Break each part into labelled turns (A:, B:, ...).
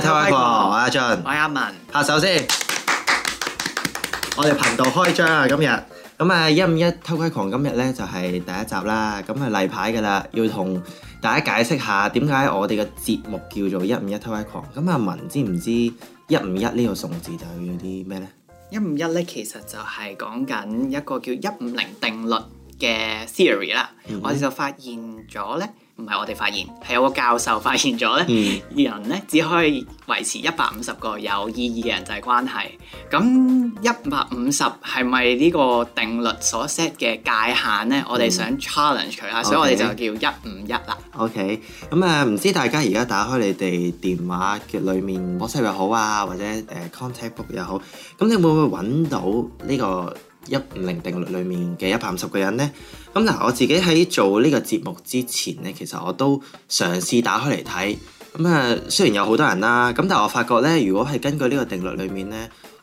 A: 偷窺狂，我係阿俊，我係阿文。吓，首先 我哋頻道開張啊，1, 今日咁啊一五一偷窺狂，今日咧就係、是、第一集啦。咁啊例牌噶啦，要同大家解釋下點解我哋個節目叫做一五一偷窺狂。咁阿文知唔知一五一呢個數字代表啲咩呢？「一五一咧，其實就係講緊一個叫一五零定律嘅 theory 啦。Mm hmm. 我哋就發現咗咧。唔係我哋發現，係有個教授發現咗咧，人咧、嗯、只可以維持一百五十個有意義嘅人際關係。咁一百五十係咪呢個定律所 set 嘅界限咧？嗯、我哋想 challenge 佢啊，Okay. 所以我哋就叫一五一啦。OK，咁誒唔知大家而家打開你哋電話嘅裏面 WhatsApp 又好啊，或者誒、呃、contact book 又好，咁你會唔會揾到呢、呢個一五零定律裏面嘅一百五十個人呢，咁嗱我自己喺做呢個節目之前呢，其實我都嘗試打開嚟睇，咁啊，雖然有好多人啦，咁但係我發覺呢，如果係根據呢個定律裏面呢，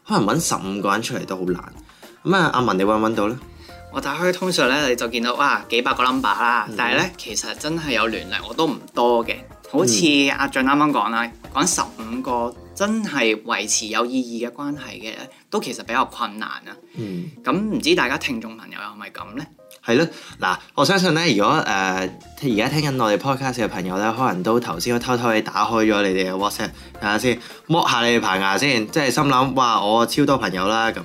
A: 可能揾十五個人出嚟都好難。咁啊，阿文你揾唔揾到呢？我打開通常呢，你就見到哇幾百個 number 啦，嗯、但係呢，其實真係有聯絡我都唔多嘅，好似阿俊啱啱講啦，講十五個。真係維持有意義嘅關係嘅，都其實比較困難啊。嗯，咁唔知大家聽眾朋友又係咪咁呢？係咯，嗱，我相信呢，如果誒而家聽緊我哋 Podcast 嘅朋友呢，可能都頭先偷偷哋打開咗你哋嘅 WhatsApp，睇下先，剝下你哋棚牙先，即係心諗哇，我超多朋友啦咁。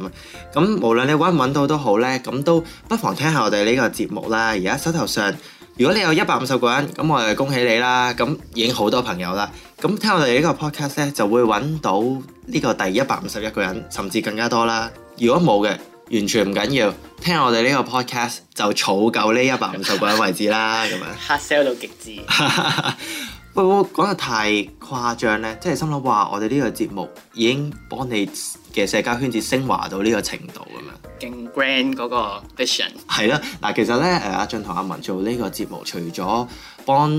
A: 咁無論你揾唔揾到都好呢，咁都不妨聽下我哋呢個節目啦。而家手頭上。如果你有一百五十個人，咁我哋恭喜你啦！咁已經好多朋友啦。咁聽我哋呢個 podcast 咧，就會揾到呢個第一百五十一個人，甚至更加多啦。如果冇嘅，完全唔緊要。聽我哋呢個 podcast 就儲夠呢一百五十個人位置啦。咁 樣，hustle 到極致。 會唔會講得太誇張咧？即係心諗話，我哋呢個節目已經幫你嘅社交圈子升華到呢個程度咁樣。勁 grand 嗰個 vision 係咯。嗱，其實咧誒，阿俊同阿文做呢個節目，除咗幫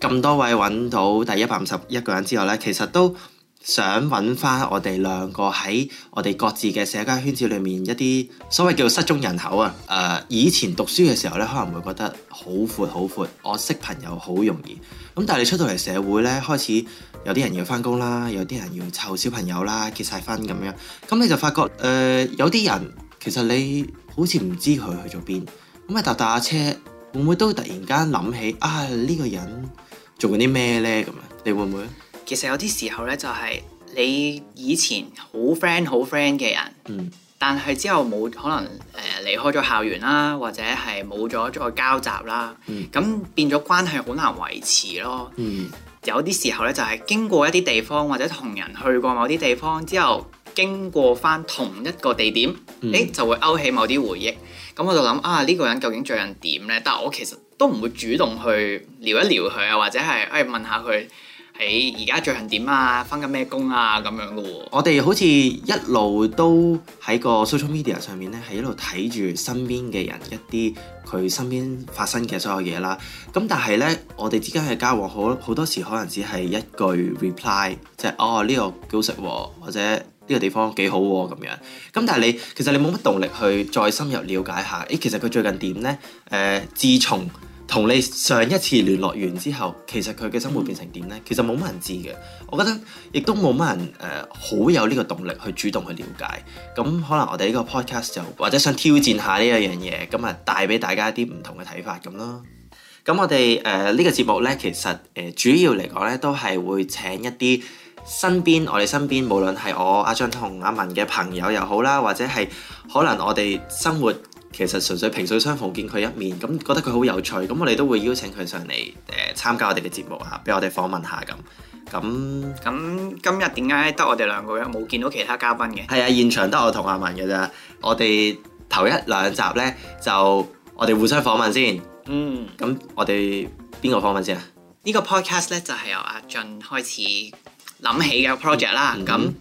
A: 咁多位揾到第一百五十一個人之外咧，其實都想揾翻我哋兩個喺我哋各自嘅社交圈子裏面一啲所謂叫做失蹤人口啊。誒、呃，以前讀書嘅時候咧，可能會覺得好闊，好闊，我識朋友好容易咁。但係你出到嚟社會咧，開始有啲人要翻工啦，有啲人要湊小朋友啦，結晒婚咁樣，咁你就發覺誒、呃，有啲人。其實你好似唔知佢去咗邊，咁喺搭搭下車，會唔會都突然間諗起啊呢、呢個人做緊啲咩呢？咁樣，你會唔會啊？其實有啲時候呢，就係、是、你以前好 friend 好 friend 嘅人，嗯、但係之後冇可能誒離開咗校園啦，或者係冇咗再交集啦，咁、嗯、變咗關係好難維持咯。嗯、有啲時候呢，就係、是、經過一啲地方或者同人去過某啲地方之後。經過返同一個地點，誒、嗯、就會勾起某啲回憶。咁、嗯、我就諗啊，呢、呢個人究竟最近點呢？但係我其實都唔會主動去聊一聊佢啊，或者係誒問下佢喺而家最近點啊，返緊咩工啊咁樣嘅喎、哦。我哋好似一路都喺個 social media 上面呢，係一路睇住身邊嘅人一啲佢身邊發生嘅所有嘢啦。咁但係呢，我哋之間嘅交往好好多時可能只係一句 reply，即係、哦呢、呢個消息、哦、或者。呢個地方幾好喎，咁樣。咁但係你其實你冇乜動力去再深入了解下，誒，其實佢最近點呢？誒、呃，自從同你上一次聯絡完之後，其實佢嘅生活變成點呢？其實冇乜人知嘅。我覺得亦都冇乜人誒、呃，好有呢個動力去主動去了解。咁可能我哋呢個 podcast 就或者想挑戰下呢一樣嘢，咁啊帶俾大家一啲唔同嘅睇法咁咯。咁我哋誒呢個節目呢，其實誒、呃、主要嚟講呢，都係會請一啲，身邊我哋身邊，無論係我阿俊同阿文嘅朋友又好啦，或者係可能我哋生活其實純粹萍水相逢，見佢一面咁，覺得佢好有趣，咁我哋都會邀請佢上嚟誒、呃、參加我哋嘅節目啊，俾我哋訪問下咁。咁咁今日點解得我哋兩個嘅，冇見到其他嘉賓嘅？係啊，現場得我同阿文嘅咋。我哋頭一兩集呢，就我哋互相訪問先。嗯。咁我哋邊個訪問先啊？呢、嗯、個 Podcast 呢，就係、是、由阿俊開始。諗起嘅 project 啦、嗯，咁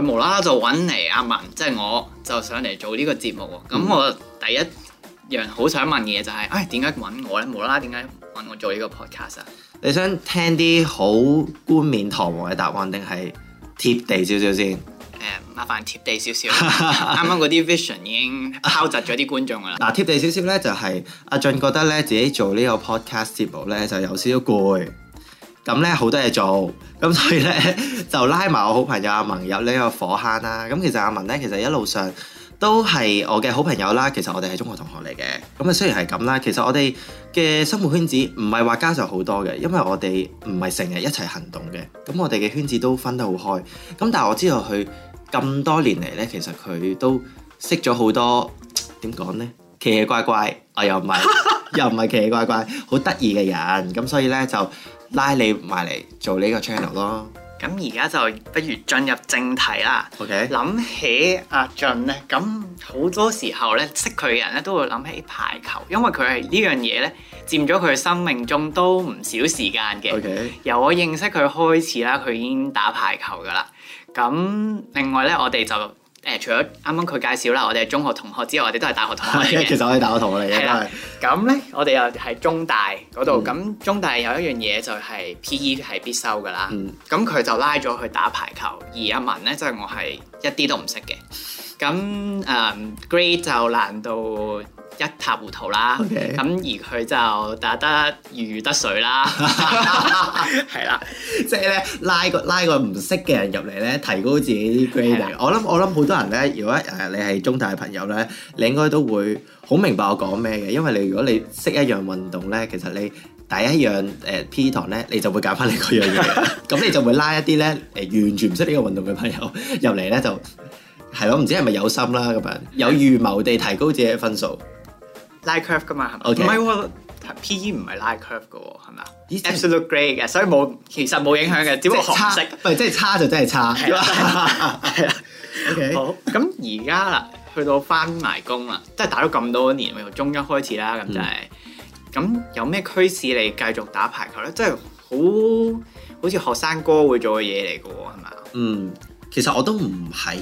A: 佢無啦啦就揾嚟阿文，即、就、係、是、我就上嚟做呢個節目喎。咁、嗯、我第一樣好想問嘅就係、是，唉、哎，點解揾我呢？無啦啦點解揾我做呢個 podcast 啊？你想聽啲好冠冕堂皇嘅答案，定係貼地少少先？誒、呃，麻煩貼地少少。啱啱嗰啲 vision 已經敲窒咗啲觀眾噶啦。嗱、啊，貼地少少呢就係、是、阿俊覺得呢，自己做呢個 podcast 節目呢就有少少攰。咁咧好多嘢做，咁所以咧 就拉埋我好朋友阿文入呢個火坑啦。咁其實阿文咧，其實一路上都係我嘅好朋友啦。其實我哋係中學同學嚟嘅，咁啊雖然係咁啦，其實我哋嘅生活圈子唔係話加上好多嘅，因為我哋唔係成日一齊行動嘅，咁我哋嘅圈子都分得好開。咁但係我知道佢咁多年嚟咧，其實佢都識咗好多點講咧奇奇怪怪，我又唔係 又唔係奇奇怪怪，好得意嘅人，咁所以咧就。拉你埋嚟做呢個 channel 咯。咁而家就不如進入正題啦。OK，諗起阿俊咧，咁好多時候咧，識佢嘅人咧都會諗起排球，因為佢係呢樣嘢咧，佔咗佢嘅生命中都唔少時間嘅。OK，由我認識佢開始啦，佢已經打排球㗎啦。咁另外咧，我哋就。誒，除咗啱啱佢介紹啦，我哋係中學同學之外，我哋都係大學同學。 其實我係大學同學嚟嘅。係咁咧，我哋又係中大嗰度。咁、嗯、中大有一樣嘢就係 P.E 係必修㗎喇。咁佢、嗯、就拉咗去打排球，而阿文咧即係、我係一啲都唔識嘅。咁誒、um，grade 就難度。一塌糊塗啦，咁 Okay. 而佢就打得如魚得水啦，係 啦了，即係咧拉個拉個唔識嘅人入嚟咧，提高自己啲 grade 了。我諗我諗好多人咧，如果誒你係中大嘅朋友咧，你應該都會好明白我講咩嘅，因為你如果你識一樣運動咧，其實你第一樣誒 P 堂咧，你就會揀返你嗰樣嘢，咁 你就會拉一啲咧誒完全唔識呢個運動嘅朋友入嚟咧，就係咯，唔知係咪有心啦咁樣，有預謀地提高自己嘅分數。line curve 噶嘛，係咪？唔係喎，PE 唔係 line curve 噶，係咪？Absolute great 嘅，所以冇，其實冇影響嘅。只不過差紅色？唔係，即係差就真係差。係啊 ，OK。好，咁而家啦，去到翻埋工啦，即係打咗咁多年，咪由中一開始啦，咁就係、是。咁、嗯、有咩驅使你繼續打排球咧？即係好好似學生哥會做嘅嘢嚟嘅喎，係咪啊？嗯。其實我都唔係，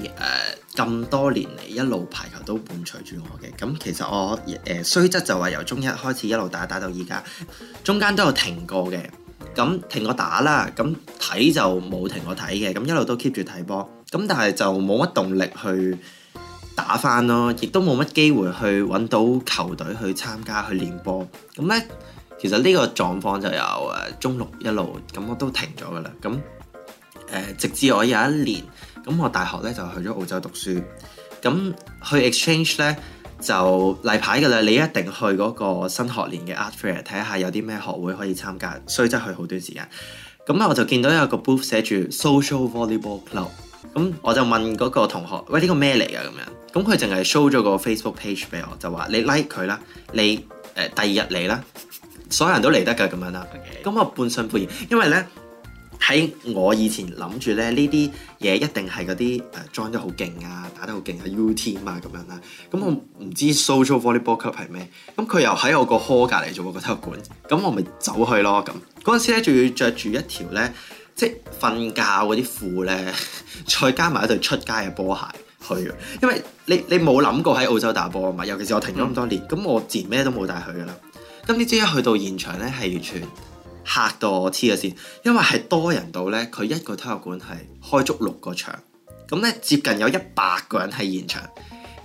A: 誒，咁多年嚟一路排球都伴隨住我嘅，咁其實我誒、呃、雖則就話由中一開始一路打打到而家，中間都有停過嘅，咁停過打啦，咁睇就冇停過睇嘅，咁一路都 keep 住睇波，咁但係就冇乜動力去打返囉，亦都冇乜機會去揾到球隊去參加去練波，咁咧其實呢個狀況就由誒中六一路咁我都停咗㗎喇，咁誒、呃、直至我有一年。咁我大學咧就去咗澳洲讀書，咁去 exchange 咧就例牌㗎啦。你一定去嗰個新學年嘅 Art Fair 睇下有啲咩學會可以參加，所以真係去好短時間。咁咧我就見到有個 booth 寫住 Social Volleyball Club，咁我就問嗰個同學：喂，呢、呢個咩嚟啊？咁樣，咁佢淨係 show 咗個 Facebook page 俾我，就話你 like 佢啦，你誒、呃、第二日嚟啦，所有人都嚟得㗎咁樣啦。咁 Okay. 我半信半疑，因為咧。喺我以前諗住咧，呢啲嘢一定係嗰啲誒裝得好勁啊，打得好勁啊 U team 啊咁樣啦。咁我唔知 social volleyball club 係咩，咁佢又喺我個 hall 隔離做個體育館，咁我咪走去咯咁。嗰陣時咧，仲要着住一條咧，即係瞓覺嗰啲褲咧，再加埋對出街嘅波鞋去，因為你你冇諗過喺澳洲打波啊嘛。尤其是我停咗咁多年，咁、嗯、我自然咩都冇帶去噶啦。咁呢一去到現場咧，係完全～嚇到我黐咗線，因為係多人度呢，佢一個體育館係開足六個場，咁呢，接近有一百個人喺現場，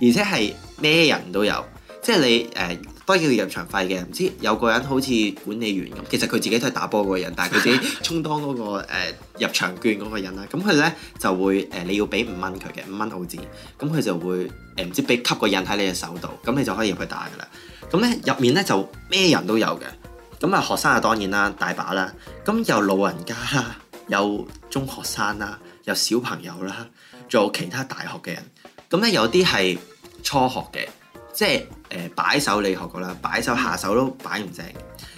A: 而且係咩人都有，即係你誒都要入場費嘅，唔知有個人好似管理員咁，其實佢自己都係打波嗰個人，但係佢自己充當嗰、嗰個、呃、入場券嗰個人啦，咁佢呢，就會誒、呃、你要俾五蚊佢嘅五蚊澳紙，咁佢就會誒唔、呃、知俾吸個印喺你嘅手度，咁你就可以入去打㗎啦，咁呢，入面呢，就咩人都有嘅。咁啊，學生啊當然啦，大把啦。咁有老人家啦，有中學生啦，有小朋友啦，仲有其他大學嘅人。咁咧有啲係初學嘅，即係誒擺手你學過啦，擺手下手都擺唔正。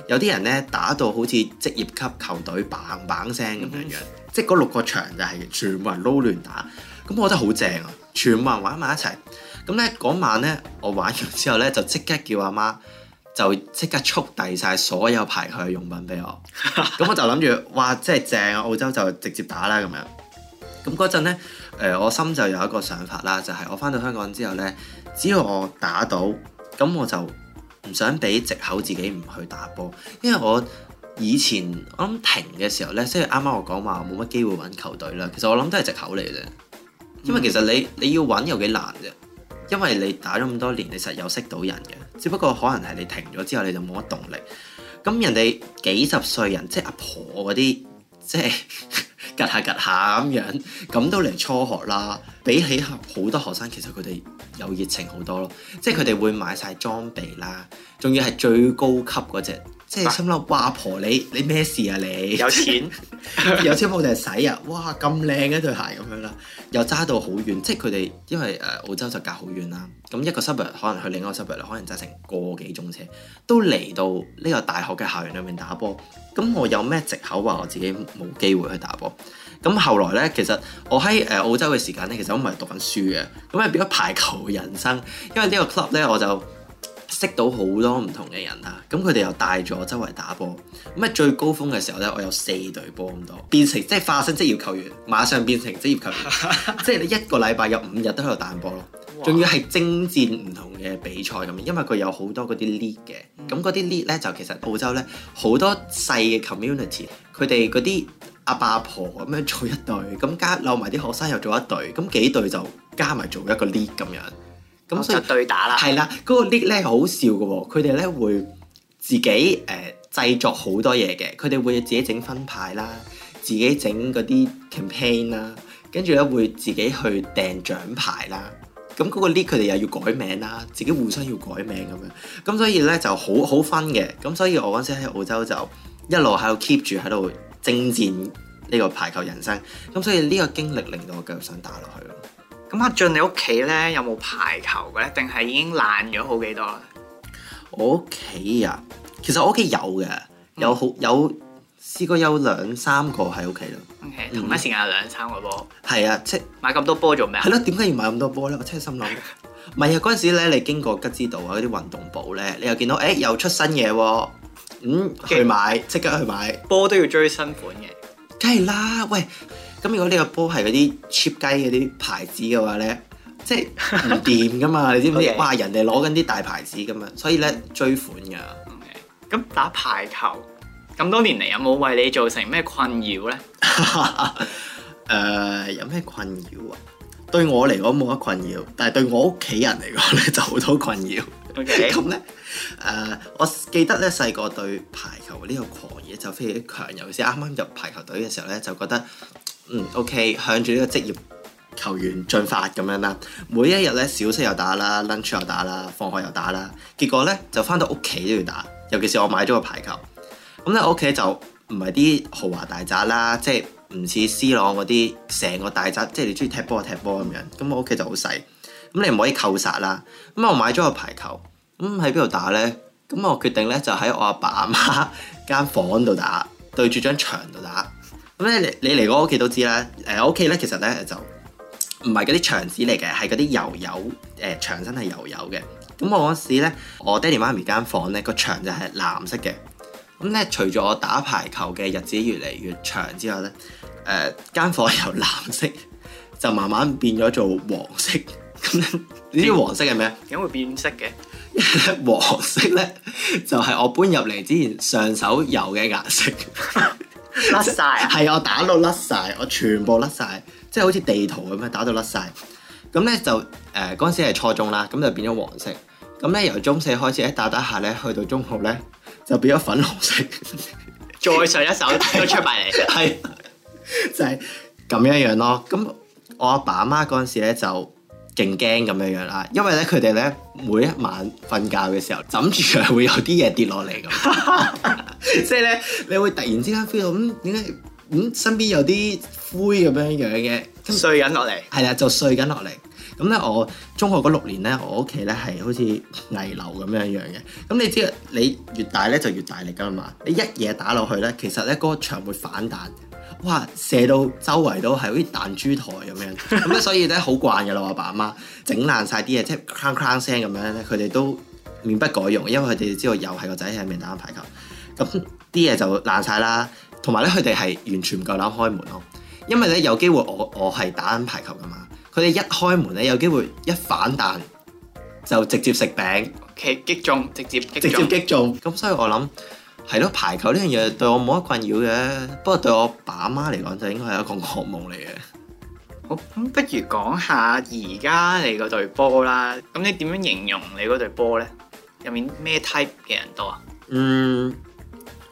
A: 有啲人咧打到好似職業級球隊棒棒聲咁樣樣，mm hmm. 即係嗰六個場就係、是、全部人撈亂打。咁我覺得好正啊，全部人玩埋一齊。咁咧嗰晚咧，我玩完之後咧就即刻叫阿媽，媽。就即刻速遞晒所有排球嘅用品俾我，咁 我就諗住哇，即係正啊！澳洲就直接打啦咁樣。咁嗰陣呢，誒我心就有一個想法啦，就係、是、我翻到香港之後呢，只要我打到，咁我就唔想俾藉口自己唔去打波，因為我以前我諗停嘅時候呢，即係啱啱我講話我冇乜機會揾球隊啦。其實我諗都係藉口嚟嘅，嗯、因為其實你你要揾又幾難嘅。因為你打咗咁多年，你實有識到人嘅，只不過可能係你停咗之後你就冇乜動力。咁人哋幾十歲人，即係阿婆嗰啲，即係趌下趌下咁樣，咁都嚟初學啦。比起好多學生，其實佢哋有熱情好多咯，即係佢哋會買晒裝備啦，仲要係最高級嗰隻。即係心諗，哇阿婆，你你咩事啊？你有錢 有錢冇就係使啊，哇咁靚嘅一對鞋咁樣啦，又揸到好遠。即係佢哋因為誒、呃、澳洲就隔好遠啦，咁一個 summer 可能去另一個 summer，可能揸成個幾鐘車都嚟到呢個大學嘅校園裏面打波。咁我有咩借口話我自己冇機會去打波？咁後來咧，其實我喺誒、呃、澳洲嘅時間咧，其實我唔係讀緊書嘅，咁係變咗排球人生，因為呢個 club 咧我就。識到好多唔同嘅人啊。咁佢哋又帶咗周圍打波，咁啊最高峰嘅時候呢，我有四隊波咁多，變成即係化身職業球員，馬上變成職業球員， 即係你一個禮拜有五日都喺度打波咯，仲要係征戰唔同嘅比賽咁，因為佢有好多嗰啲 lead 嘅，咁嗰啲 lead 呢，就其實澳洲呢，好多細嘅 community，佢哋嗰啲阿爸阿婆咁樣做一隊，咁加漏埋啲學生又做一隊，咁幾隊就加埋做一個 lead 咁樣。咁、嗯、所以對打啦，係啦，嗰、那個 lift 咧好笑嘅喎、哦，佢哋咧會自己誒、呃、製作好多嘢嘅，佢哋會自己整分牌啦，自己整嗰啲 campaign 啦，跟住咧會自己去訂獎牌啦。咁、那、嗰個 lift 佢哋又要改名啦，自己互相要改名咁樣。咁所以咧就好好 fun 嘅。咁所以我嗰陣時喺澳洲就一路喺度 keep 住喺度征戰呢個排球人生。咁所以呢個經歷令到我繼續想打落去咯。咁阿俊，你屋企咧有冇排球嘅咧？定係已經爛咗好幾多？我屋企啊，其實我屋企有嘅、嗯，有好有試過有兩三個喺屋企咯。O、okay, K，同一時間有兩三個波。係、嗯、啊，即買咁多波做咩？係咯、啊，點解要買咁多波咧？我真係心諗，唔係 啊，嗰陣時咧，你經過吉之島啊，嗰啲運動部咧，你又見到誒、欸、又出新嘢喎，咁、嗯、Okay, 去買，即刻去買。波都要追新款嘅，梗係啦，喂。咁如果呢個波係嗰啲 cheap 雞嗰啲牌子嘅話呢？即係唔掂噶嘛？ 你知唔知？哇！Okay. 人哋攞緊啲大牌子噶嘛，所以呢，追款噶。咁、okay. 打排球咁多年嚟，有冇為你造成咩困擾呢？誒、 呃，有咩困擾啊？對我嚟講冇乜困擾，但係對我屋企人嚟講呢，就好多困擾。咁 Okay. 呢，誒、呃，我記得呢，細個對排球呢個狂熱就非常強，尤其是啱啱入排球隊嘅時候呢，就覺得。嗯，OK，向住呢個職業球員進發咁樣啦。每一日咧，小息又打啦，lunch 又打啦，放學又打啦。結果咧，就翻到屋企都要打。尤其是我買咗個排球，咁咧我屋企就唔係啲豪華大宅啦，即係唔似 C 朗嗰啲成個大宅，即係你中意踢波踢波咁樣。咁我屋企就好細，咁你唔可以扣殺啦。咁我買咗個排球，咁喺邊度打咧？咁我決定咧就喺我阿爸阿媽間房度打，對住張牆度打。咁咧，你你嚟我屋企都知啦。誒，我屋企咧，其實咧就唔係嗰啲牆紙嚟嘅，係嗰啲油油，誒牆身係油油嘅。咁我嗰時咧，我爹哋媽咪間房咧，個牆就係藍色嘅。咁咧，除咗我打排球嘅日子越嚟越長之外咧，誒、呃、間房由藍色就慢慢變咗做黃色。咁呢啲黃色係咩？點會變色嘅？ 黃色咧就係、係、我搬入嚟之前上手油嘅顏色。 甩晒係啊！我打到甩晒，我全部甩晒，即係好似地圖咁樣打到甩晒。咁咧就誒，嗰、呃、陣時係初中啦，咁就變咗黃色。咁咧由中四開始一打打下咧，去到中學咧就變咗粉紅色。 再上一首都出埋嚟，係 就係咁樣樣咯。咁我阿爸阿媽嗰陣時咧就。勁驚咁樣樣啦，因為咧佢哋咧每一晚瞓覺嘅時候，枕住係會有啲嘢跌落嚟咁，即係咧你會突然之間 feel 到咁，點解咁身邊有啲灰咁樣樣嘅碎緊落嚟，係、嗯、啦，就碎緊落嚟。咁咧、嗯、我中學嗰六年咧，我屋企咧係好似危樓咁樣樣嘅。咁你知道你越大咧就越大力噶嘛，你一嘢打落去咧，其實咧嗰、那個牆會反彈。哇！射到周圍都係好似彈珠台咁樣， 樣，咁咧所以咧好慣嘅啦。我阿爸阿媽整爛晒啲嘢，即係「哐哐」聲咁樣咧，佢哋都面不改容，因為佢哋知道又係個仔喺面打緊排球。咁啲嘢就爛晒啦。同埋咧，佢哋係完全唔夠膽開門咯，因為咧有機會我我係打緊排球嘅嘛。佢哋一開門咧，有機會一反彈就直接食餅，佢、okay，擊中，直接直接擊中。咁所以我諗。係咯，排球呢樣嘢對我冇乜困擾嘅，不過對我爸阿媽嚟講就應該係一個噩夢嚟嘅。好，咁不如講下而家你嗰隊波啦。咁你點樣形容你嗰隊波呢？入面咩 type 嘅人多啊？嗯，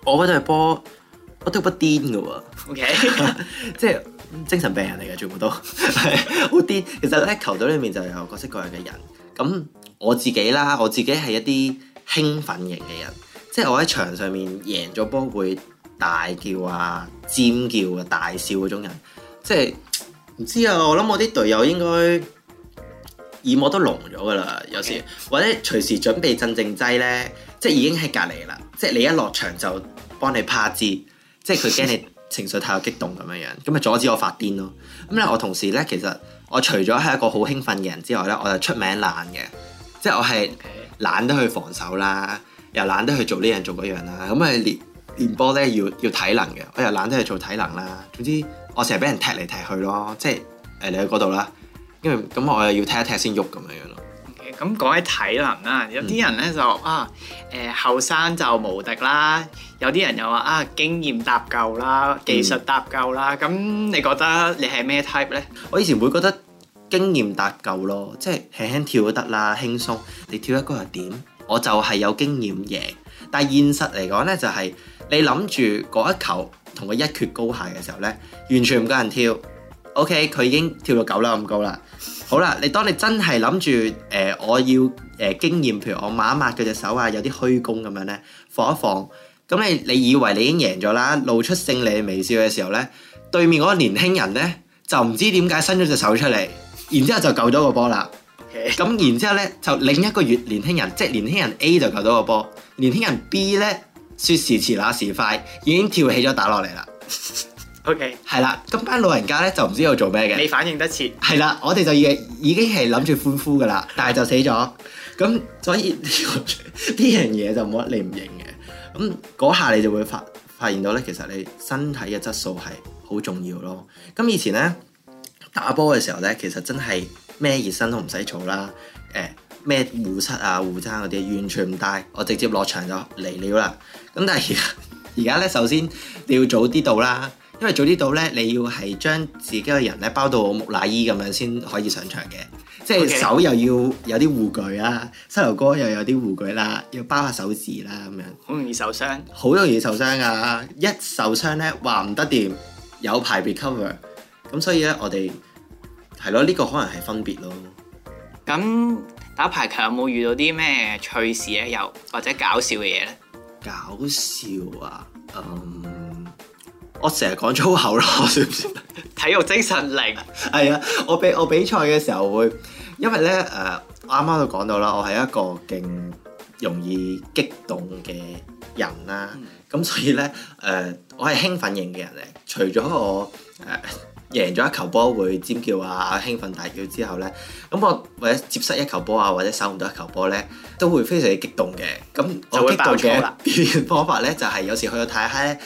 A: 我嗰隊波我都不癲噶喎。O Okay . K， 即係精神病人嚟嘅，全部都好癲。其實咧， 球隊裏面就有各式各樣嘅人。咁我自己啦，我自己係一啲興奮型嘅人。即係我喺場上面贏咗波會大叫啊尖叫啊大笑嗰種人，即係唔知啊！我諗我啲隊友應該耳膜都聾咗噶啦，有時或者隨時準備鎮靜劑咧，即係已經喺隔離啦。即係你一落場就幫你拍字，即係佢驚你情緒太過激動咁樣樣，咁咪阻止我發癲咯。咁咧，我同時咧其實我除咗係一個好興奮嘅人之外咧，我就出名懶嘅，即係我係懶得去防守啦。又懶得去做，做樣呢樣做嗰樣啦，咁啊練練波咧要要體能嘅，我又懶得去做體能啦。總之我成日俾人踢嚟踢去咯，即係誒你喺嗰度啦，因為咁我又要踢一踢先喐咁樣樣咯。咁講、嗯、起體能啦，有啲人咧、嗯、就啊誒後生就無敵啦，有啲人又話啊經驗搭夠啦，技術搭夠啦，咁、嗯嗯、你覺得你係咩 type 咧？我以前會覺得經驗搭夠咯，即係輕輕跳都得啦，輕鬆，你跳一高又點？我就係有經驗贏，但係現實嚟講呢，就係你諗住嗰一球同佢一決高下嘅時候呢，完全唔夠人跳。OK，佢已經跳到九樓咁高啦。好啦，你當你真係諗住誒，我要誒、呃、經驗，譬如我抹一抹佢隻手啊，有啲虛功咁樣呢，放一放。咁你你以為你已經贏咗啦，露出勝利嘅微笑嘅時候呢，對面嗰個年輕人呢，就唔知點解伸咗隻手出嚟，然之後就救咗個波啦。咁然之後咧，就另一個月，年輕人即係年輕人 A 就救到個波，年輕人 B 呢，說時遲那時快，已經跳起咗打落嚟啦。O K，係啦，咁班老人家呢，就唔知道做咩嘅，你反應得切係啦，我哋就已經已經係諗住歡呼噶啦，但係就死咗。咁所以呢樣嘢就冇得你唔認嘅。咁嗰下你就會發發現到呢，其實你身體嘅質素係好重要咯。咁以前呢，打波嘅時候呢，其實真係。咩熱身都唔使做啦，誒咩護膝啊、護踭嗰啲完全唔帶，我直接落場就嚟料啦。咁但係而家而家咧，首先你要早啲到啦，因為早啲到咧，你要係將自己嘅人咧包到木乃伊咁樣先可以上場嘅，
B: 即係手又
A: 要有啲護具啦，膝頭哥又有啲護具啦，要包下手指啦咁樣。好容易受傷，好容易受傷噶，一受傷咧，話唔得掂，有排 recover。咁所以咧，我哋。係咯，呢個可能係分別咯。咁打排球有冇遇到啲咩趣事咧？又，或者搞笑嘅嘢咧？搞笑啊！嗯、um，我成日講粗口咯，算唔算？體育精神力？係 啊，我比我比賽嘅時候會，因為咧誒，我啱啱都講到啦，我係一個勁容易激動嘅人啦。咁、嗯、所以咧誒、呃，我係興奮型嘅人嚟。除咗我誒。呃贏咗一球波會尖叫啊！興奮大叫之後呢，咁我或者接失一球波啊，或者守唔到一球波呢，都會非常之激動嘅。咁我激動嘅表現方法呢，就係、是、有時去到太嗨呢，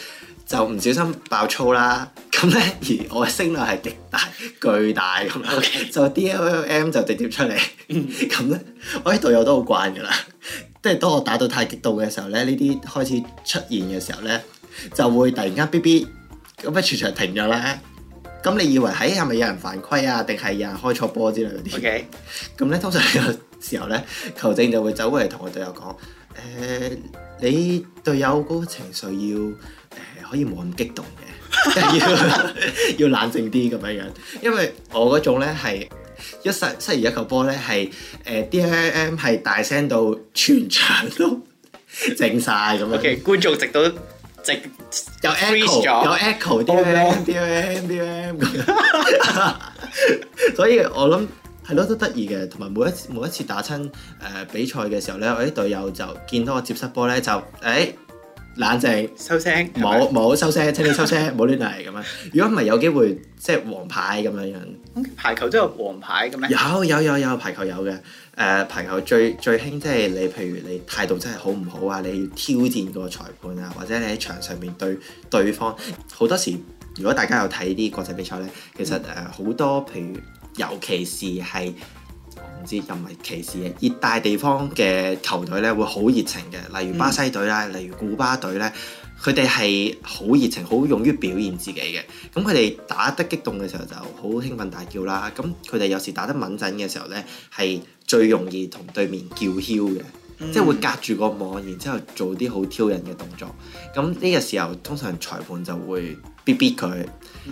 A: 就唔小心爆粗啦。咁呢，而我嘅聲量係極大巨大咁 OK Okay. 就 D L L M 就直接出嚟。咁 呢，我啲隊友都好慣噶啦，即 係當我打到太激動嘅時候呢，呢啲開始出現嘅時候呢，就會突然間 B B 咁咪全場停咗啦。咁你以為喺係咪有人犯規啊？定係有人開錯波之類嗰啲？OK，咁咧，通常有時候咧，球證就會走過嚟同我隊友講：誒、呃，你隊友嗰個情緒要誒、呃、可以冇咁激動嘅，要 要冷靜啲咁樣樣。因為我嗰種咧係一失失而一球波咧係誒、呃、DAM 係大聲到全場都靜晒咁樣。K、okay, 觀眾直到。直，直有 e ech 有 echo 啲 M 啲 M 啲 M 咁， man, man, 所以我諗係咯都得意嘅，同埋每一次每一次打親誒比賽嘅時候咧，我啲隊友就見到我接失波咧就誒。哎冷靜，收聲，冇冇沒吧收聲，請你收聲，冇 亂嚟咁啊！如果唔係有機會，即係黃牌咁樣樣。排球都有黃牌嘅咩？有有有有排球有嘅，誒排球最最興，即係你譬如你態度真係好唔好啊！你要挑戰個裁判啊，或者你喺場上面對對方好多時，如果大家有睇啲國際比賽呢，其實誒好、嗯呃、多譬如，尤其是係。知又唔係歧視嘅，熱帶地方嘅球隊咧會好熱情嘅，例如巴西隊啦，嗯、例如古巴隊咧，佢哋係好熱情，好勇於表現自己嘅。咁佢哋打得激動嘅時候就好興奮大叫啦，咁佢哋有時打得穩陣嘅時候咧，係最容易同對面叫囂嘅。即係會隔住個網，然之後做啲好挑釁嘅動作。咁呢個時候通常裁判就會逼逼佢。咁、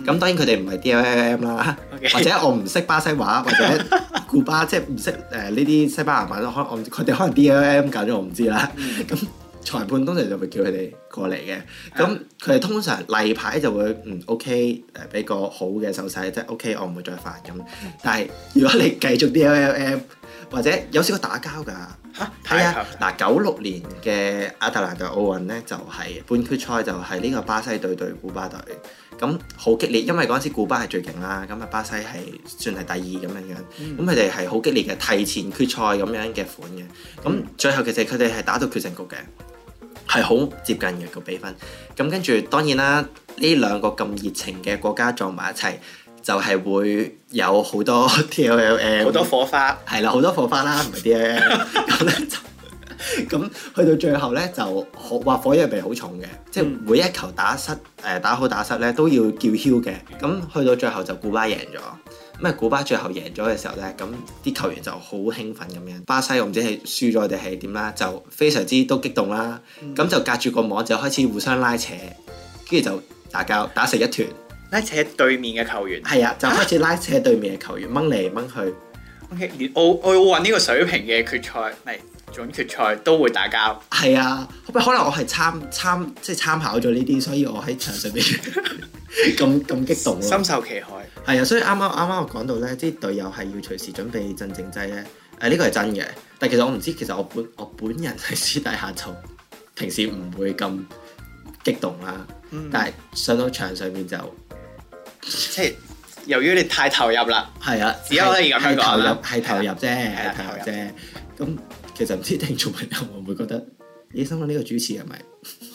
A: 嗯、當然佢哋唔係 D L L M 啦，Okay. 或者我唔識巴西話，或者古巴即係唔識誒呢啲西班牙話都可能，我佢哋可能 D L L M 搞咗我唔知啦。咁、嗯、裁判通常就會叫佢哋過嚟嘅。咁佢哋通常例牌就會嗯 OK 誒，俾個好嘅手勢，即係 OK，我唔會再犯咁。嗯、但係如果你繼續 D L L M， 或者有試過打交㗎嚇，係啊嗱，九六年嘅亞特蘭大奧運咧，就係半決賽就係呢個巴西隊對古巴隊，咁好激烈，因為嗰陣時古巴係最勁啦，咁啊巴西係算係第二咁樣樣，咁佢哋係好激烈嘅提前決賽咁樣嘅款嘅，咁最後其實佢哋係打到決勝局嘅，係好接近嘅個比分，咁跟住當然啦，呢兩個咁熱情嘅國家撞埋一齊。就係會有好多 T L L M，好多火花，係啦，好多火花啦，唔係啲咧咁咧就咁去 到最後咧就，話火藥味好重嘅，嗯、即係每一球打失誒打好打失咧都要叫囂嘅，咁去到最後就古巴贏咗，咁啊古巴最後贏咗嘅時候咧，咁啲球員就好興奮咁樣，巴西我唔知係輸咗定係點啦，就非常之都激動啦，咁、嗯、就隔住個網就開始互相拉扯，跟住就打交打成一團。拉扯對面嘅球員，係啊，就開始拉扯對面嘅球員掹嚟掹去。O K，澳澳運呢個水平嘅決賽，係總決賽都會打交。係啊，可能我係參參即係參考咗呢啲，所以我喺場上邊咁咁激動、啊、深受其害。係啊，所以啱啱啱啱我講到咧，啲隊友係要隨時準備鎮靜劑咧。誒、啊，呢、這個係真嘅。但係其實我唔知，其實我本我本人係私底下就平時唔會咁激動啦、啊。嗯、但係上到場上面就～即係由於你太投入啦，係啊，只可以咁樣講啦，投入，係投入啫，係、啊、投入啫。咁、啊啊嗯、其實唔知聽眾朋友會唔會覺得，咦，心諗呢個主持係咪？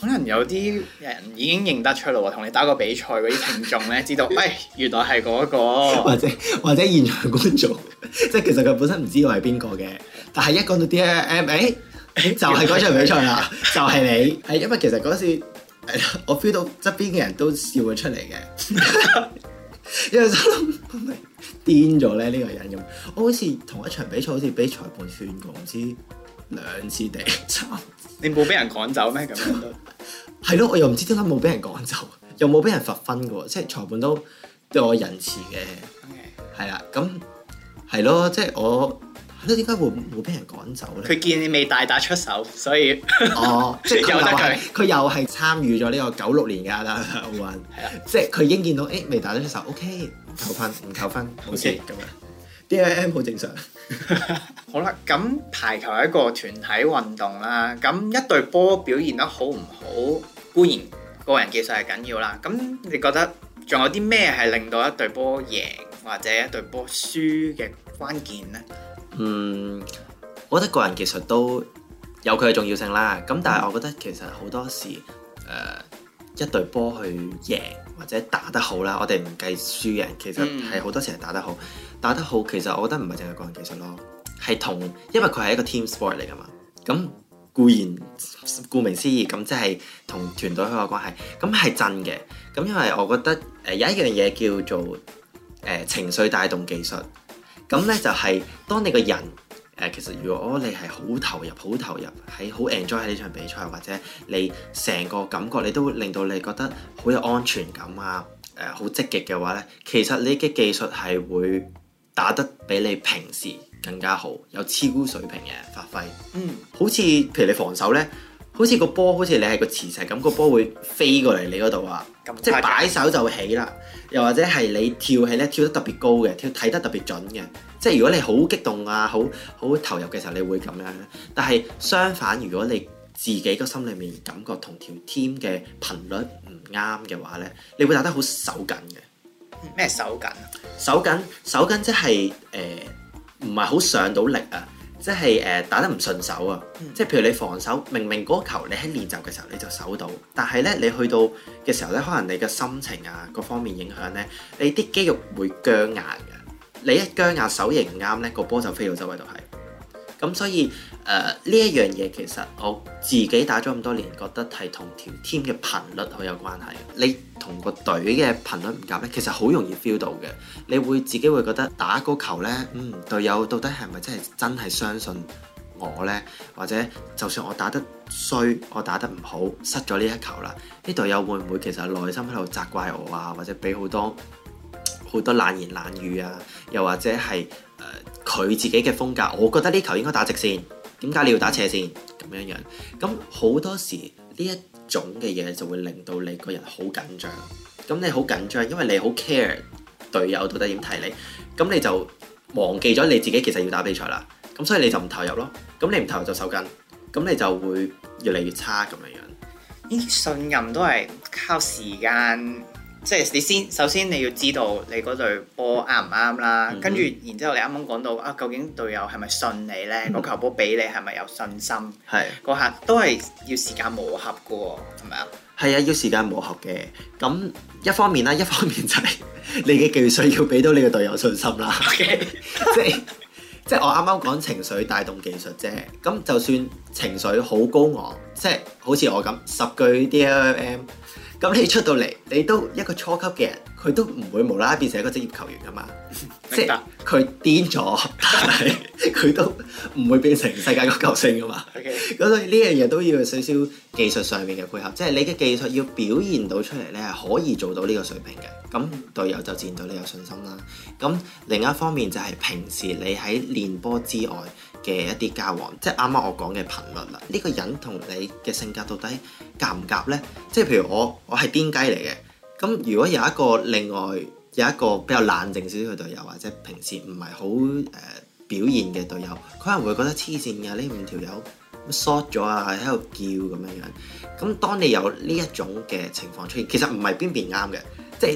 A: 可能有啲人已經認得出啦，同你打過比賽嗰啲聽眾咧，知道，誒、 哎，原來係嗰個，或者或者現場觀眾，即係其實佢本身唔知我係邊個嘅，但係一講到 D A M，誒、哎，就係、是、嗰場比賽啦， 原來 就係你，係因為其實嗰時。我 feel 到側邊嘅人都笑咗出嚟嘅，因為心諗唔係癲咗咧呢個人咁，我好似同一場比賽好似俾裁判勸過唔知兩次地， 你冇俾人趕走咩？咁樣都係咯，我又唔知點解冇俾人趕走，又冇俾人罰分嘅，即係裁判都對我仁慈嘅，係啦 Okay.，咁係咯，即係我。咧點解會會俾人趕走咧？佢見你未大打出手，所以 哦，即係又係佢又係參與咗呢個九六年嘅亞運， 的即係佢已經見到誒、欸、未大打出手，OK，扣分唔扣分，分 好先咁樣好似咁樣。 DAM 好正常。 好啦，咁排球係一個團體運動啦，咁一隊波表現得好唔好固然個人技術係緊要啦。咁你覺得仲有啲咩係令到一隊波贏或者一隊波輸嘅關鍵咧？嗯，我覺得個人技術都有佢嘅重要性啦。咁但係我覺得其實好多時，誒、嗯、一隊波去贏或者打得好啦，我哋唔計輸贏，其實係好多時係打得好。打得好其實我覺得唔係淨係個人技術咯，係同因為佢係一個 team sport 嚟㗎嘛。咁固然，顧名思義，咁即係同團隊好有關係。咁係真嘅。咁因為我覺得誒有一樣嘢叫做誒、呃、情緒帶動技術。咁咧就係，當你個人，誒其實如果你係好投入、好投入喺好 enjoy 喺呢場比賽，或者你成個感覺你都會令到你覺得好有安全感啊，誒、呃、好積極嘅話咧，其實你嘅技術係會打得比你平時更加好，有超高水平嘅發揮。嗯，好似譬如你防守咧，好似個波好似你係個磁石咁，個波會飛過嚟你嗰度啊，嗯、即係擺手就起啦。又或者係你跳起咧跳得特別高嘅，跳睇得特別準嘅，即係如果你好激動啊，好好投入嘅時候，你會咁樣咧。但係相反，如果你自己個心裡面感覺同條 team 嘅頻率唔啱嘅話咧，你會打得好手緊嘅。咩手緊？手緊，手緊即係誒，唔係好上到力啊。即係誒打得唔順手啊！即係譬如你防守，明明嗰球你喺練習嘅時候你就守到，但係咧你去到嘅時候咧，可能你嘅心情啊各方面影響咧，你啲肌肉會僵硬嘅。你一僵硬手，手型唔啱咧，個波就飛到周圍度係。咁所以。呢、呃、一樣嘢其實我自己打咗咁多年，覺得係同條 team 嘅頻率好有關係。你同個隊嘅頻率唔夾呢，其實好容易 feel 到嘅。你會自己會覺得打個球呢，嗯，隊友到底係咪真係真係相信我呢？或者就算我打得衰，我打得唔好，失咗呢一球啦，呢隊友會唔會其實內心喺度責怪我啊？或者俾好多好多冷言冷語啊？又或者係佢、呃、自己嘅風格，我覺得呢球應該打直線。點解你要打斜先？咁樣樣，咁好多時呢一種嘅嘢就會令到你個人好緊張。咁你好緊張，因為你好 care 隊友到底點睇你，咁你就忘記咗你自己其實要打比賽啦。咁所以你就唔投入咯。咁你唔投入就手緊，咁你就會越嚟越差咁樣樣。呢啲信任都係靠時間。即係你先，首先你要知道你嗰隊波啱唔啱啦，跟住、嗯、然之後你啱啱講到啊，究竟隊友係咪信你咧？嗰、嗯、球波俾你係咪有信心？係嗰下都係要時間磨合噶，係咪啊？係啊，要時間磨合嘅。咁一方面啦，一方面就係你嘅技術要俾到你嘅隊友信心啦。OK，即係即係我啱啱講情緒帶動技術啫。咁就算情緒好高昂，即係好似我咁十句 D L M M。咁你出到嚟，你都一個初級嘅人，佢都唔會無啦啦變成一個職業球員㗎嘛。即係佢癲咗，但係佢都唔會變成世界嗰救星噶嘛。咁 Okay. 所以呢樣嘢都要有少少技術上面嘅配合，即係你嘅技術要表現到出嚟，你係可以做到呢個水平嘅。咁隊友就自然對你有信心啦。咁另一方面就係平時你喺練波之外嘅一啲交往，即係啱啱我講嘅頻率啦。呢、呢個人同你嘅性格到底夾唔夾呢？即係譬如我我係癲雞嚟嘅，咁如果有一個另外。有一個比較冷靜少少嘅隊友，或者平時唔係好誒表現嘅隊友，佢可能會覺得黐線嘅呢五條友 short 咗啊，喺度叫咁樣樣。咁、嗯、當你有呢一種嘅情況出現，其實唔係邊邊啱嘅，即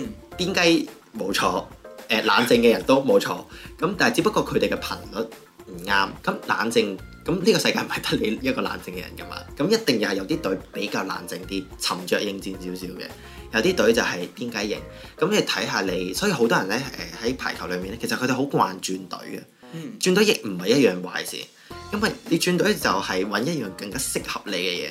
A: 係癲雞冇錯，誒、呃、冷靜嘅人都冇錯，咁、嗯、但係只不過佢哋嘅頻率唔啱，咁冷靜咁，呢個世界唔係得你一個冷靜嘅人㗎嘛，咁一定又係有啲隊比較冷靜啲，沉着應戰少少嘅，有啲隊就係邊解型？咁。你睇下你。所以好多人咧喺排球裏面咧，其實佢哋好慣轉隊嘅，嗯、轉隊亦唔係一樣壞事，因為你轉隊就係揾一樣更加適合你嘅嘢。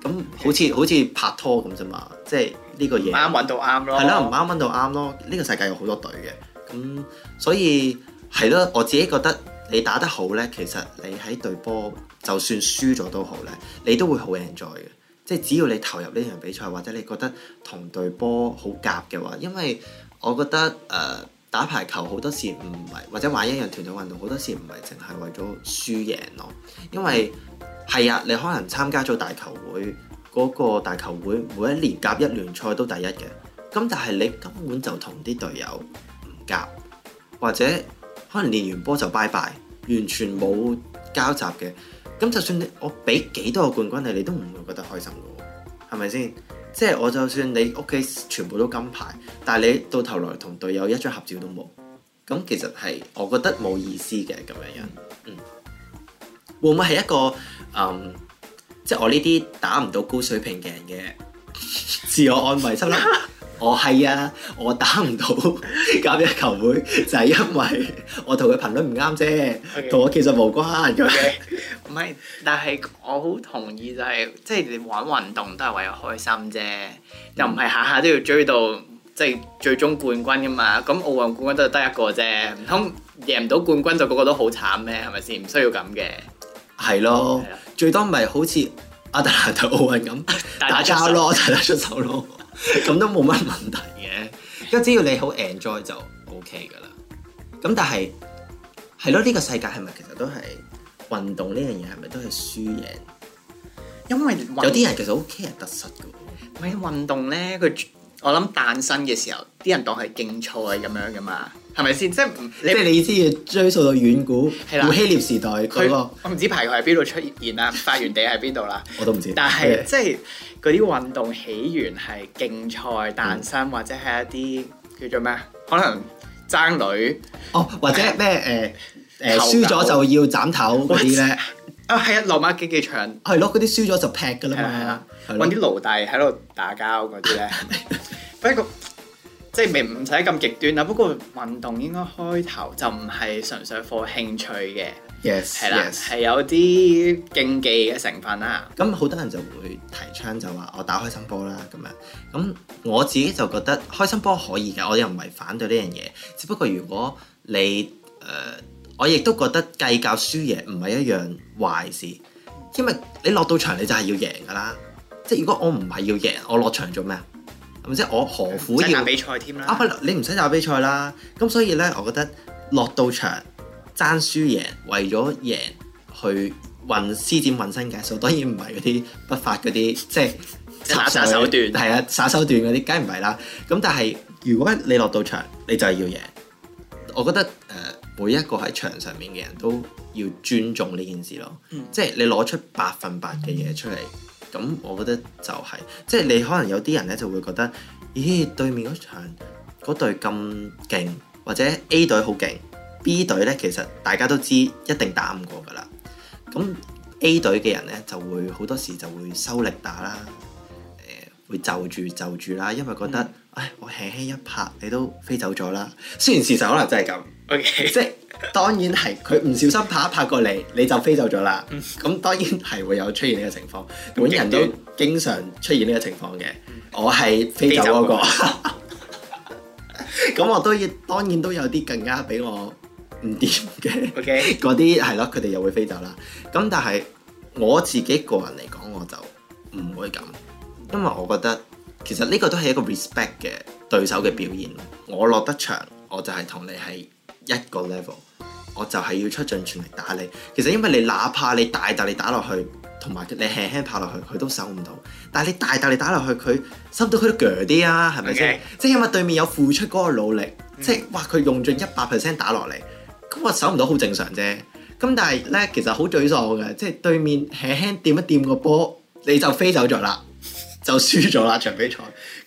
A: 咁好似的好似拍拖咁啫嘛，即係呢個嘢唔啱揾到啱咯，咯，係咯，唔啱揾到啱咯。呢個世界有好多隊嘅，咁，所以係咯，我自己覺得，你打得好呢，其實你喺隊波就算輸咗都好呢，你都會好 enjoy 嘅。即係只要你投入呢場比賽，或者你覺得同隊波好夾嘅話，因為我覺得誒、呃、打排球好多時唔係，或者玩一樣團隊運動好多時唔係淨係為咗輸贏咯。因為係啊、嗯，你可能參加咗大球會嗰、嗰個大球會，每一年甲一聯賽都第一嘅。咁但係你根本就同啲隊友唔夾或者。可能練完波就拜拜，完全冇交集嘅。咁就算你我俾幾多個冠軍你，你都唔會覺得開心嘅，係咪先？即係我就算你屋企全部都金牌，但係你到頭來同隊友一張合照都冇，咁其實係我覺得冇意思嘅咁樣樣。嗯，會唔會係一個嗯，即係我呢啲打唔到高水平嘅人嘅自我安慰？出啦～我係啊，我打唔到搞一球會就係、是、因為我同佢頻率唔啱啫，同 Okay. 我技術無關咁嘅。唔係，但係我好同意就係、是，即係你玩運動都係為咗開心啫，嗯、又唔係下下都要追到即係、就是、最終冠軍噶嘛。咁奧運冠軍都係得一個啫，唔通贏唔到冠軍就個個都好慘咩？係咪先？唔需要咁嘅。係咯，最多咪好似阿德蘭特奧運咁打交咯，大打出手咯。咁 都冇乜問題嘅，因為只要你好 enjoy 就 OK 噶啦。咁但係係咯，呢個世界係咪其實都係運動呢樣嘢係咪都係輸贏？因為有啲人其實好 care 得失嘅。唔係運動咧，佢。我諗誕生嘅時候，啲人當係競賽咁樣噶嘛，係咪先？即係你即係你都要追溯到遠古古希臘時代佢 Yeah, 它 fruit 我唔知排球喺邊度出現啊，e、ula, 發源地喺邊度啦，我都唔知。但係即係嗰啲運動起源係競賽誕生，或者係一啲叫做咩？可能爭女哦，或者咩誒誒，輸咗就要斬頭嗰啲咧？啊，係啊，羅馬競技場係咯，嗰啲輸咗就劈噶啦嘛。搵啲奴隸喺度打交嗰啲咧， 不過即係未唔使咁極端啦。不過運動應該開頭就唔係純粹為興趣嘅，yes 係啦，係有啲競技嘅成分啦。咁好多人就會提倡就話我打開心波啦咁樣。咁我自己就覺得開心波可以嘅，我又唔係反對呢樣嘢。只不過如果你誒、呃，我亦都覺得計較輸贏唔係一樣壞事，因為你落到場你就係要贏噶啦。即係如果我唔係要贏，我落場做咩啊？即係我何苦要打比賽添啦？啊你唔使打比賽啦。咁所以咧，我覺得落到場爭輸贏，為咗贏去運施展渾身解數，當然唔係嗰啲不法嗰啲，即係耍手段，係啊耍手段嗰啲，梗唔係啦。咁但係如果你落到場，你就係要贏。我覺得誒、呃，每一個喺場上面嘅人都要尊重呢件事咯。嗯、即係你攞出百分百嘅嘢出嚟。咁我覺得就係、是，即係你可能有啲人咧就會覺得，咦對面嗰場嗰隊咁勁，或者 A 隊好勁，B 隊咧其實大家都知一定打唔過噶啦。咁 A 隊嘅人咧就會好多時就會收力打啦，誒、呃、會就住就住啦，因為覺得，嗯、唉我輕輕一拍你都飛走咗啦。雖然事實可能真係咁。Okay. 即係當然係佢唔小心拍一拍過嚟，你就飛走咗啦。咁 當然係會有出現呢個情況，本人都經常出現呢個情況嘅。我係飛走嗰、那個，咁 走的 我都要當然都有啲更加俾我唔掂嘅。嗰啲係咯，佢哋又會飛走啦。咁但係我自己個人嚟講，我就唔會咁，因為我覺得其實呢個都係一個 respect 嘅對手嘅表現。我落得場，我就係同你係，一個 level，我就係要出盡全力打你。其實因為你哪怕你大大力打落去，同埋你輕輕拍落去，佢都守唔到。但係你大大力打落去，佢守到佢都鋸啲啊，係咪先？Okay. 即係因為對面有付出嗰個努力，mm. 即係話佢用盡一百 percent 打落嚟，咁我守唔到好正常啫。咁但係呢，其實好沮喪嘅，即係對面輕輕掂一掂個波，你就飛走咗啦， 就輸咗啦場比賽。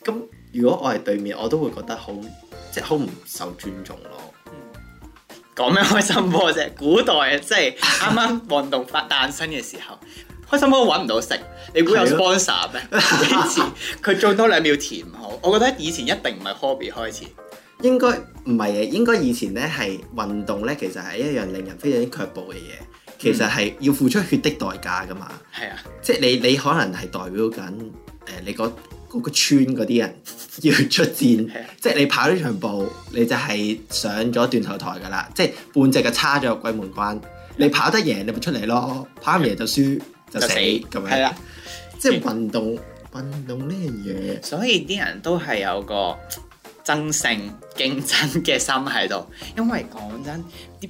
A: 咁如果我係對面，我都會覺得好，即係好唔受尊重咯。講咩開心波啫？古代啊，即係啱啱運動發誕生嘅時候， 開心波揾唔到食，你估有 sponsor 咩？以前佢早多兩秒填好，我覺得以前一定唔係 hobby 開始應該，應該唔係嘅，應該以前呢係運動呢，其實係一樣令人非常之卻步嘅嘢，其實係要付出血的代價㗎嘛，係啊是的，即係你你可能係代表緊誒、呃、你個。嗰個村嗰啲人要出戰，的即係你跑呢場步，你就係上咗斷頭台噶啦！即係半隻腳叉咗入鬼門關，的你跑得贏你咪出嚟咯，跑唔贏就輸的就死咁樣。係啦的，即係運動的運動呢樣嘢，所以啲人都係有個。爭勝競爭嘅心喺度，因為講真，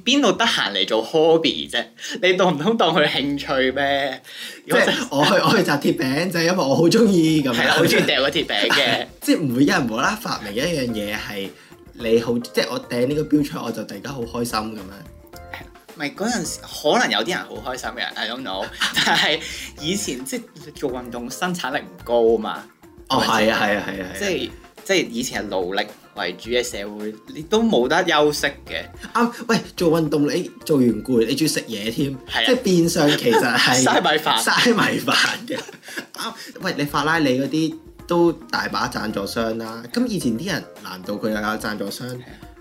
A: 邊度得閒嚟做 hobby 啫？你當唔通當佢興趣咩？即係我去我去砸鐵餅就係因為我好中意咁樣，好中意掟嗰鐵餅嘅。即係唔會有人無啦啦發明一樣嘢係你好，即係我掟呢個標槍我就突然間好開心咁樣。唔係嗰陣時可能有啲人好開心嘅人，I don't know。但係以前即係做運動生產力唔高啊嘛。
B: 哦，係啊，係啊，係啊，即係。
A: 即係以前係勞力為主嘅社會，你都冇得休息嘅。啱、啊，喂，做運動你做完攰，你仲要食嘢添，的即係變相其實係嘥米飯嘥米飯嘅、 啊。喂，你法拉利嗰啲都大把贊助商啦。咁以前啲人難道佢又有贊助商？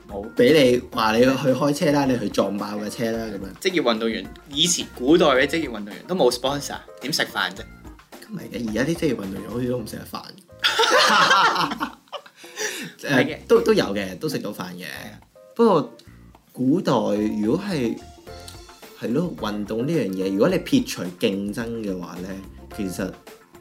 A: 冇俾你話你去開車啦，你去撞爆架車啦咁的樣。職業運動員以前古代嘅職業運動員都冇 sponsor，點食飯啫？咁嚟嘅，而家啲職業運動員好似都唔食得飯。 誒是、呃、都都有嘅，都食到飯嘅。的不過古代如果係係咯運動呢樣嘢，如果你撇除競爭嘅話咧，其實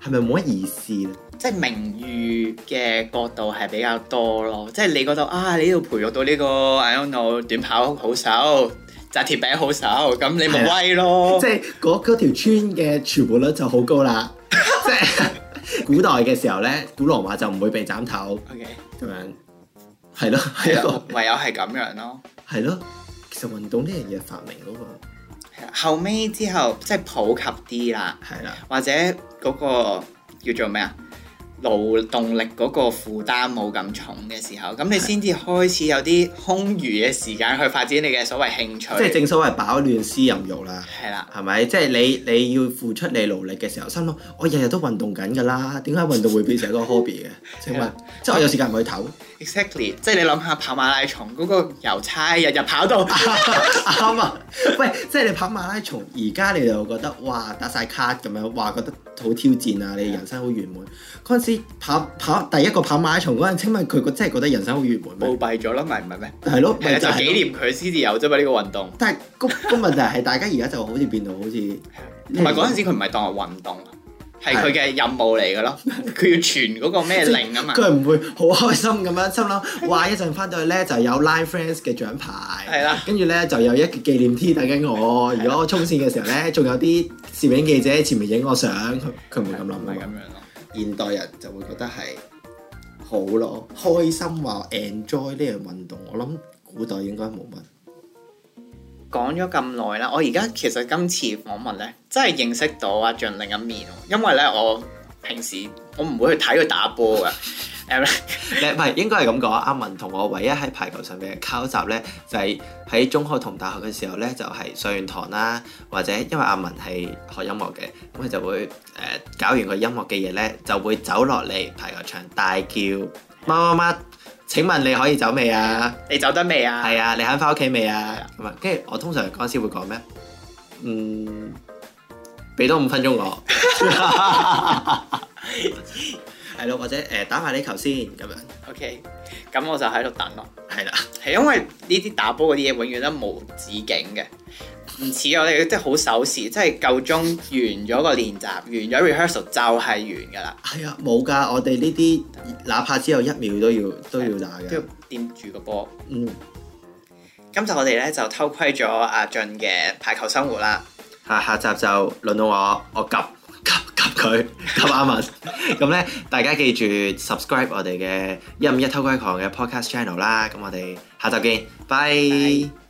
A: 係咪冇乜意思咧？即係名譽嘅角度係比較多咯。即係你覺得啊，你呢度培育到呢、這個 I don't know 短跑好手、扎鐵餅好手，咁你咪威咯。的 即係嗰條村嘅傳播率就好高啦。即係。古代嘅時候咧，古羅馬就唔會被斬頭，咁 Okay. 樣係咯， 唯有係咁樣咯，係咯。其實運動呢樣嘢發明嗰、嗰個，後尾之後即係普及啲啦，係啦的，或者嗰個叫做咩啊？勞動力嗰個負擔冇咁重嘅時候，咁你先至開始有啲空餘嘅時間去發展你嘅所謂興趣。即係正所謂飽暖思淫慾啦。係啦，係咪？即係你你要付出你勞力嘅時候，心諗我日日都運動緊㗎啦，點解運動會變成一個 hobby 嘅？請問，即係我有時間唔可以唞？Exactly，即係你諗下跑馬拉松嗰個郵差日日跑到啱啊！喂，即係你跑馬拉松，而家你就覺得哇打晒卡咁樣，哇覺得好挑戰啊！你人生好圓滿跑跑第一個跑馬拉松嗰陣，請問佢真係覺得人生好圓滿咩？冇閉咗咯，咪唔係咩？係咯，其實就紀念佢先至有啫嘛。呢個運動，但係是 個個問題係，大家而家就好似變到好似，同埋嗰陣時佢唔係當係運動，係佢嘅任務嚟噶咯。佢 要傳嗰個咩令啊嘛即，佢唔會好開心咁樣心諗，哇！一陣翻到去咧就有 Line Friends 嘅獎牌，係啦是的，跟住咧就有一紀念 T 等緊我。如果我衝線嘅時候咧，仲有啲攝影記者前面影我相，佢佢唔會咁諗。啊就是現代人就會覺得係好咯、啊，開心話 enjoy 呢樣運動。我諗古代應該冇乜。講咗咁耐啦，我而家其實今次訪問咧，真係認識到阿俊另一面。因為咧，我平時我唔會去睇佢打波㗎。咧唔係，應該係咁講。阿文同我唯一喺排球上嘅交集呢，就係、是、喺中學同大學嘅時候呢，就係、是、上完堂啦，或者因為阿文係學音樂嘅，咁、嗯、佢就會誒、呃、搞完個音樂嘅嘢呢，就會走落嚟排球場大叫：媽媽媽？請問你可以走未啊？你走得未啊？係啊，你肯翻屋企未啊？咁啊，跟住我通常嗰陣時會講咩？嗯，俾多五分鐘我。 係咯，或者誒、呃、打下呢球先咁樣。OK，咁我就喺度等咯。係啦的，係因為呢啲打波嗰啲嘢，永遠都冇止境嘅，唔似我哋即係好守時，即係夠鐘完咗個練習，完咗 rehearsal 就係完噶啦。係啊、哎，冇噶，我哋呢啲哪怕只有一秒都要都要打嘅，掂住個波。嗯，今集我哋咧就偷窺咗阿俊嘅排球生活啦。係，下集就輪到我，我及。及及佢及阿文，咁咧大家記住 subscribe 我哋嘅一五一偷雞狂嘅 podcast channel 啦，咁我哋下集見，拜。